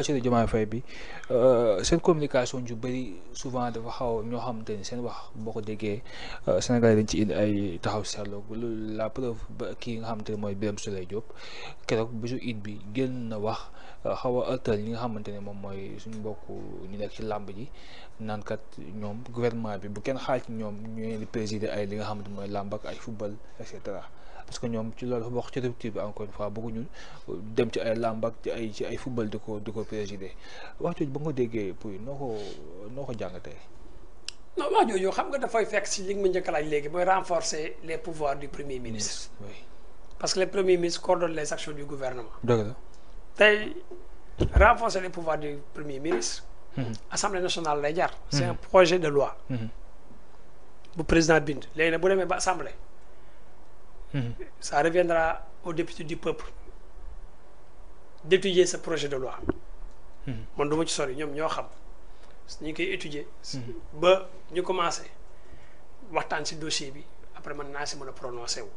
Bassirou Diomaye Faye bi euh, seen communication ju bëri souvent dafa xaw ñoo xamante ni seen wax boo ko déggee euh, Sénégal dañ ci indi ay taxaw seetlu la preuve ba kii nga xamante ne mooy Birame Souleye Diop keroog bisu it bi génn na wax euh, xaw a ëttal nga xamante ne moom mooy suñu mbokk ñu nekk ci làmb ji naan kat ñoom gouvernement bi bu kenn xaaj ñoom ñu di présider ay li nga xamante mooy làmb ak ay football et cetera. parce que nous ci encore une fois dem ci ay ci football non xam renforcer les pouvoirs du premier ministre. oui parce que le premier ministre coordonne les actions du gouvernement. renforcer les pouvoirs du premier ministre. assemblée nationale lay c'est mhm. un projet de loi. le mhm. président bind léegi bu assemblée. Mmh. Ça reviendra aux députés du peuple d'étudier ce projet de loi. Mm-hmm. man du ma ci sori ñoom ñoo xam mm-hmm. ñu étudier. ba nous commencé waxtaan ce dossier bi après man naa si prononcer. prononcé wu.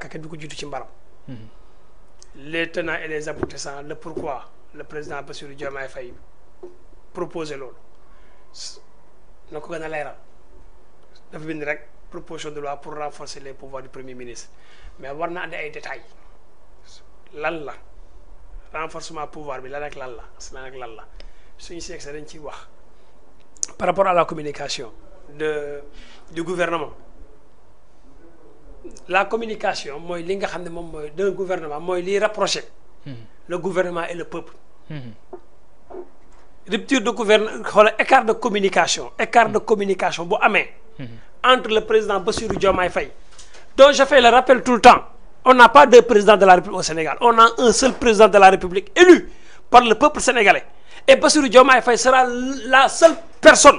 que kenn du ko ci mm-hmm. les tenants et les aboutissants le pourquoi le président Bassirou Diomaye Faye proposé loolu na ko gën a nous dafa bind rek proposition de loi pour renforcer les pouvoirs du premier ministre mais war na ay détails lan la renforcement pouvoir mais lan c'est lan la ak lan la dañ par rapport à la communication de du gouvernement la communication moi li nga d'un gouvernement il est rapproché, hmm. le gouvernement et le peuple hmm. rupture de gouvernement. écart de communication écart de hmm. communication bu amen entre le président Bassirou Diomaye Faye, dont je fais le rappel tout le temps, on n'a pas deux présidents de la République au Sénégal. On a un seul président de la République élu par le peuple sénégalais. Et Bassirou Diomaye Faye sera la seule personne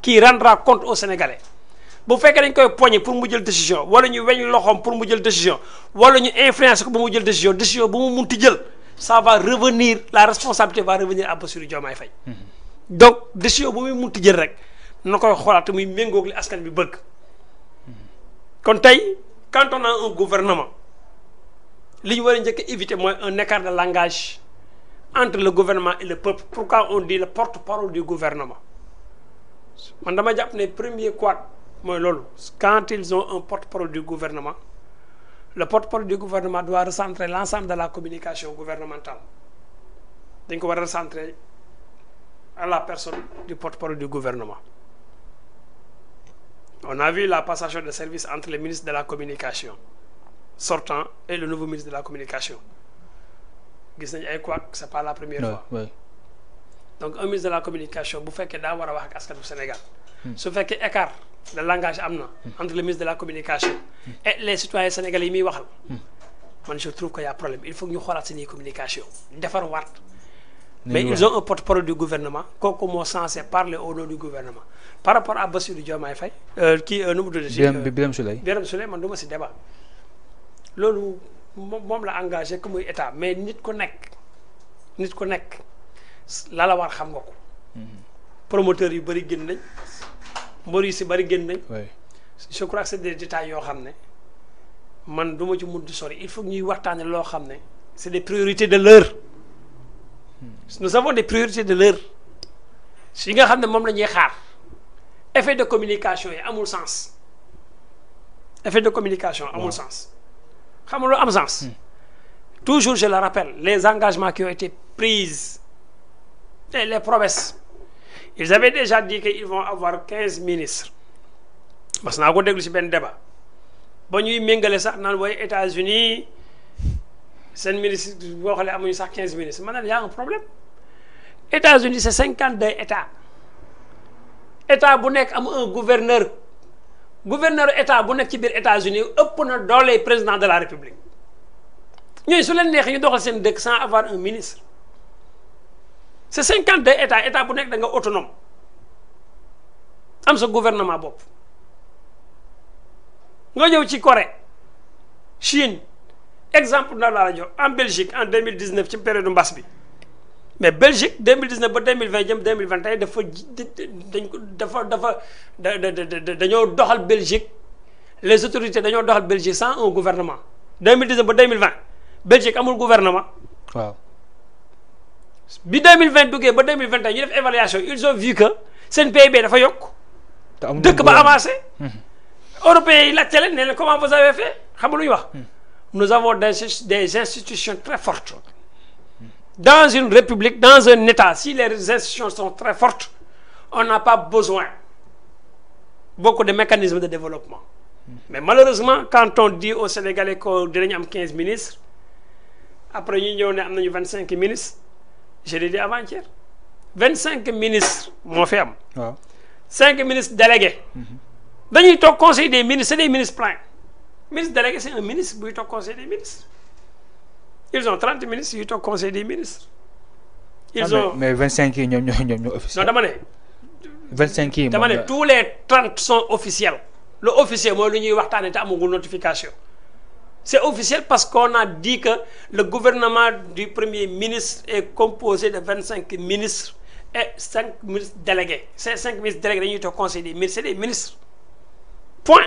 qui rendra compte aux Sénégalais. si on dañ koy poñe pour mu jël décision wala ñu le loxoom pour mu jël décision wala ñu influence pour ba décision décision bu mu ça va revenir la responsabilité va revenir à Bassirou Diomaye Faye mhm. donc décision bu muy jël nous quand on a un gouvernement on ñu éviter un écart de langage entre le gouvernement et le peuple pourquoi on dit le porte-parole du gouvernement premier quoi quand ils ont un porte-parole du gouvernement le porte-parole du gouvernement doit recentrer l'ensemble de la communication gouvernementale Il doit recentrer à la personne du porte-parole du gouvernement on a vu la passation de service entre le ministre de la Communication sortant et le nouveau ministre de la Communication. Ce n'est c'est pas la première fois. donc un ministre de la Communication bu que que d'avoir un wax ak casque du Sénégal. Hmm. su un écart de langage hmm. entre le ministre de la Communication. Hmm. et les citoyens sénégalais je trouve qu'il y a un problème il faut que nous xoolaat la communication le mais ils ont un porte-parole du gouvernement kooku censé parler au nom du gouvernement par rapport à Bassirou Diomaye Faye bien bien de Biram Souley, la engagé comme état mais nit nit la la war xam nga ko mhm. yu je crois que c'est des détails man ci il faut ñuy c'est des priorités de l'heure nous avons des priorités de l'heure si nga avons des effet de communication à mon sens effet de communication mon sens Il a sens hmm. toujours je le rappelle les engagements qui ont été pris les promesses ils avaient déjà dit qu'ils vont avoir 15 ministres parce que nous ko débat ba ñuy États-Unis 5 minutes, vous a 15 ministres. Maintenant, il y a un problème. Les États-Unis, c'est 52 États. L'État Bounek a un gouverneur. gouverneur d'État, l'État qui est aux États-Unis, dans le président de la République. Nous sont les deux sans avoir un ministre. C'est 52 États. L'État Bounek est autonome. ont un gouvernement. Nous sommes en Corée, Chine exemple dans la radio en Belgique en 2019 ci période de bi mais Belgique 2019 ba 2020 jëm 2021 dafa dañ ko dafa dafa doxal Belgique les autorités dañoo doxal Belgique sans un gouvernement 2019 ba 2020 Belgique amul gouvernement. En bi 2020 il ba 2021 ñu def évaluation ils ont vu que c'est PIB pays yok dëkk ba avancé. Mhm. européens yi comment vous avez fait xam ne sais pas nous avons des, institutions très fortes. Dans une république, dans un État, si les institutions sont très fortes, on n'a pas besoin beaucoup de mécanismes de développement. Mais malheureusement, quand on dit aux Sénégalais qu'on a 15 ministres, après on a 25 ministres, je l'ai dit avant-hier, 25 ministres, mon ferme, 5 ministres délégués. Mm-hmm. Dans le conseil des ministres, c'est des ministres pleins ministre délégué c'est un ministre est au conseil des ministres ils ont 30 ministres sont au conseil des ministres. ils ah, ont mais 25, cinq sont sont, non 25 vingt tous les 30 sont officiels. le officiel moi, lu ñuy a notification. C'est officiel parce qu'on a dit que le gouvernement du Premier ministre est composé de 25 ministres et 5 ministres délégués. Ces 5 ministres délégués, ils sont conseillers, ministres, c'est des ministres. Point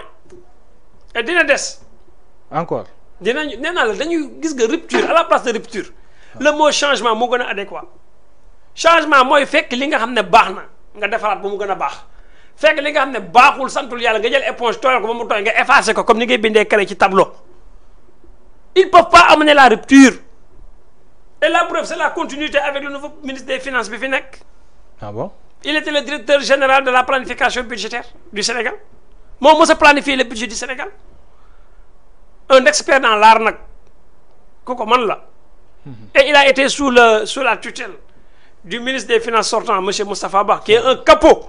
te eh, dina des. encore dina nee la dañuy gis nga rupture à la place de rupture. le mot changement mo gëna a adéquat changement moy fekk li nga xamné ne nga défarat bu mu gëna bax fekk li nga xamné baxul santul yalla nga jël éponge toyal ko bu mu toy nga effacer ko comme ni ngay bindee carré ci tableau. ils peuvent pas amener la rupture et la preuve c'est la continuité avec le nouveau ministre des finances bi fi nek ah bon il était le directeur général de la planification budgétaire du Sénégal moom mos a planifier le budget du Sénégal un expert dans l'art nak koko man la mhm. et il a été sous le sous la tutelle du ministre des finances sortant monsieur Mustafa Ba qui est un capot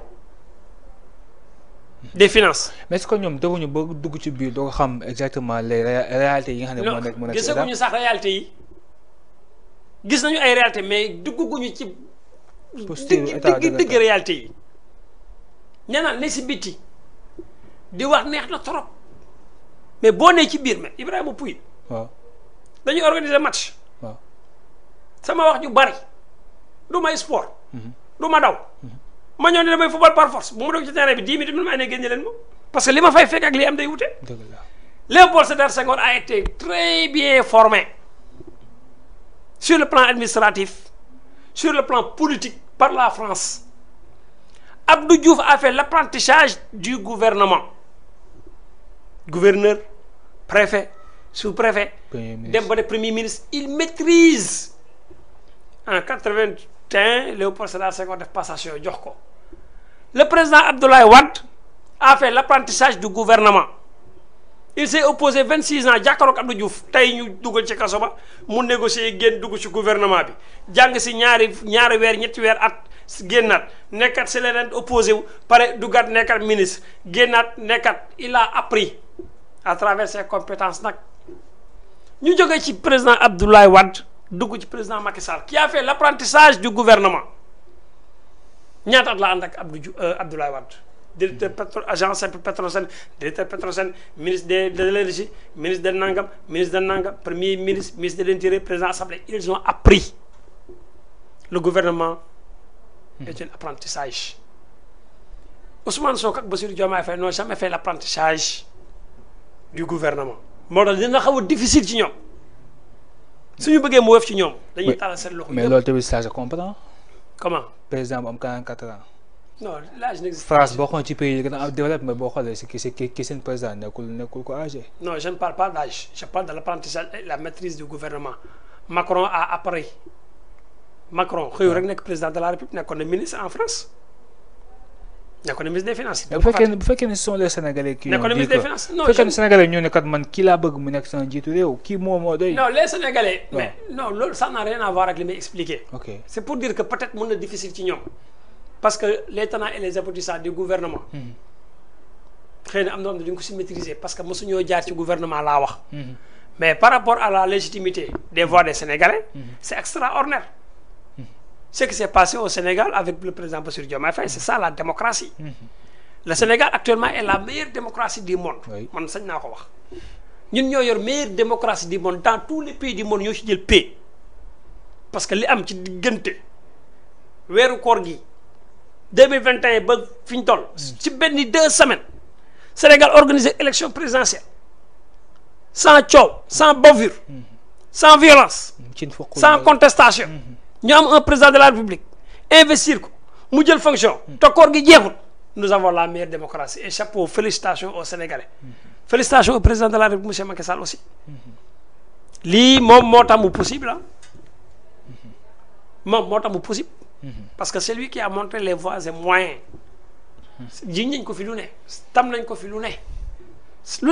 des finances. mais est-ce que ñom deugnu ba dugg ci biir do xam exactement les réalités yi nga xam ne mo nek moo nekk gisaguñu sax réalités yi gis nañu ay réalité mais dugguñu ci. posture digg digg réalité yi. nee naa ne si di wax neex na trop mais bon nee ci biir mais Ibrahima Pouye. waaw dañuy organiser match. Ça sama wax ju bari du may sport. Mhm. du ma daw. Mhm. ma ñëw football par force bu ma dugg ci terrain bi dix minutes man maa ne génne parce que li ma fay fekk ak li am day Léopold Sédar Senghor a été très bien formé sur le plan administratif sur le plan politique par la France Abdou Diouf a fait l'apprentissage du gouvernement gouverneur préfet sous-préfet premier ministre il maîtrise en 81 Léopold Sédar le président Abdoulaye Wade a fait l'apprentissage du gouvernement il s'est opposé 26 ans à Abdou Diouf négocié ñu a ci kaso ba mu négocier gouvernement génnaat Nekat, si opposé wu pare duggaat nekkat ministre génnaat Nekat, il a appris à travers ses compétences nous ñu jógee ci président Abdoulaye Wade dugg ci président Macky Sall qui a fait l'apprentissage du gouvernement ñaata at la ànd ak Abdou euh, Abdoulaye Wade directeur pétro agence simple Petrosen directeur Petrosen ministre de de l'énergie ministre de nangam ministre de nangam premier ministre ministre de l'intérieur président assemblée ils ont appris le gouvernement est un apprentissage. Ousmane Sokak Bassirou Diomaye Faye jamais fait l'apprentissage du gouvernement. Moi, le n'ai pas difficile ci ñoom suñu bëggé mu wëf ci ñom, dañuy mais lolu tamit ça comment président on am 44 ans. non l'âge n'existe pas. France boo xoolee ci pays yi a développé mais qui xoolee si ki ki président ko âgé. non je ne parle pas d'âge je parle de l'apprentissage et la maîtrise du gouvernement Macron a appris Macron xëyu rek le président de la République il est ministre en France il est ministre des finances. bu fekkee bu ce sont les sénégalais. qui nekkoon des finances non sénégalais n'ont ne kat man kii laa bëgg mu nekk non les sénégalais. non ça n'a rien à voir avec que j'ai expliqué. c'est pour dire que peut-être que difficile ci parce que les tenants et les aboutissants du gouvernement. ils hmm. ont am na parce que mosuñoo jaar ci gouvernement laa hmm. mais par rapport à la légitimité des voix des sénégalais. Hmm. c'est extraordinaire ce qui s'est passé au Sénégal avec le président Bassir Diomaye Faye c'est ça la démocratie mm-hmm. le Sénégal actuellement est la meilleure démocratie du monde nous sañ la meilleure démocratie du monde dans tous les pays du monde nous ci jël paix parce que li am ci diggante wéru koor gi 2021 ba fiñ toll mm. deux semaines Sénégal organisé élection présidentielle sans chauve, sans bavure mm-hmm. sans violence sans contestation mm-hmm. Nous avons un président de la république investir ko fonction hmm. nous avons la meilleure démocratie et chapeau félicitations aux sénégalais hmm. félicitations au président de la république monsieur Macky aussi hmm. Lui, moom moo possible Il hein? est possible parce que c'est lui qui a montré les voies et moyens jiñ nañ ko fi lu ne tam ko fi lu lui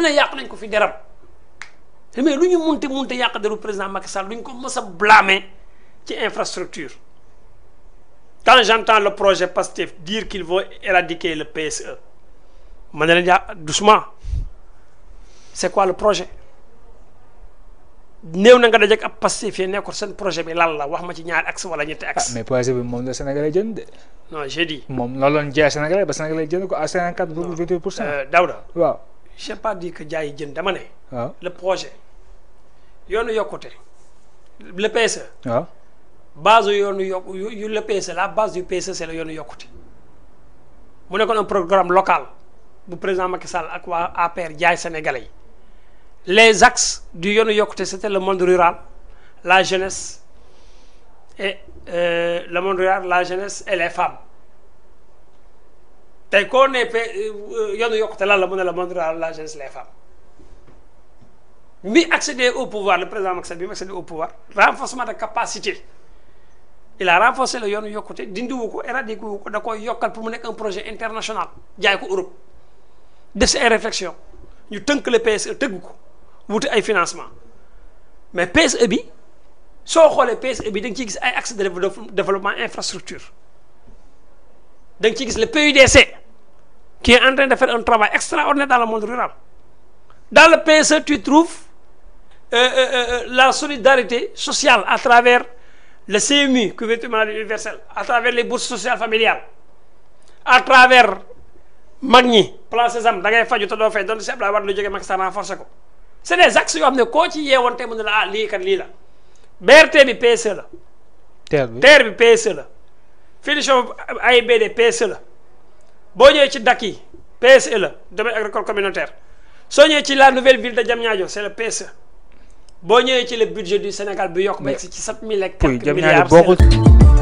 lu a yàq nañ ko fi deram mais lu qui munte président Macky Sall duñ ko a blâmer infrastructure quand j'entends le projet PASTEF dire qu'il veut éradiquer le PSE je ah, doucement c'est quoi le projet nga PASTEF projet mais là la wax ma ah, mais projet le monde Sénégalais non j'ai dit. Mom, Sénégalais euh, pas dit que le projet le PSE la base du PC, c'est le yoonu Il y a un programme local le président Macky Sall ak APR sénégalais les axes du Yonu yokkute c'était le monde rural la jeunesse et euh, le monde rural la jeunesse et les femmes tey koo pe euh, le monde rural la jeunesse les femmes Mais accéder au pouvoir le président Macky Sall accédé accéder au pouvoir renforcement de capacité il a renforcé le yon yokkute côté ko éradiqué wu ko da koy pour mu un projet international jay ko Europe def ces ay réflexion ñu teunk le PSE tëgg ko financement mais PSE bi so xolé PSE bi dang ci gis ay de développement infrastructure dang ci gis le PUDC qui est en train de faire un travail extraordinaire dans le monde rural dans le PSE tu trouves euh, euh, euh, la solidarité sociale à travers le CMU, couverture universelle, à travers les bourses sociales familiales, à travers magni plan Sésame da ngay faju te doo fay doon si Abdoulaye Wade lu jógee Macky Sall renforcé ko c' est des axes yoo xam ne koo ci yeewoon tey mu ne la ah lii kat la BRT bi PSE la. TER bi TER e finition AIBD PSE la ci Daki yi e domaine agricole communautaire soo ci la nouvelle ville de Diamniadio c'est le psl e. Bonne ñëwee ci le budget du Sénégal bi yokk ba ci 7000 ak 4 milliards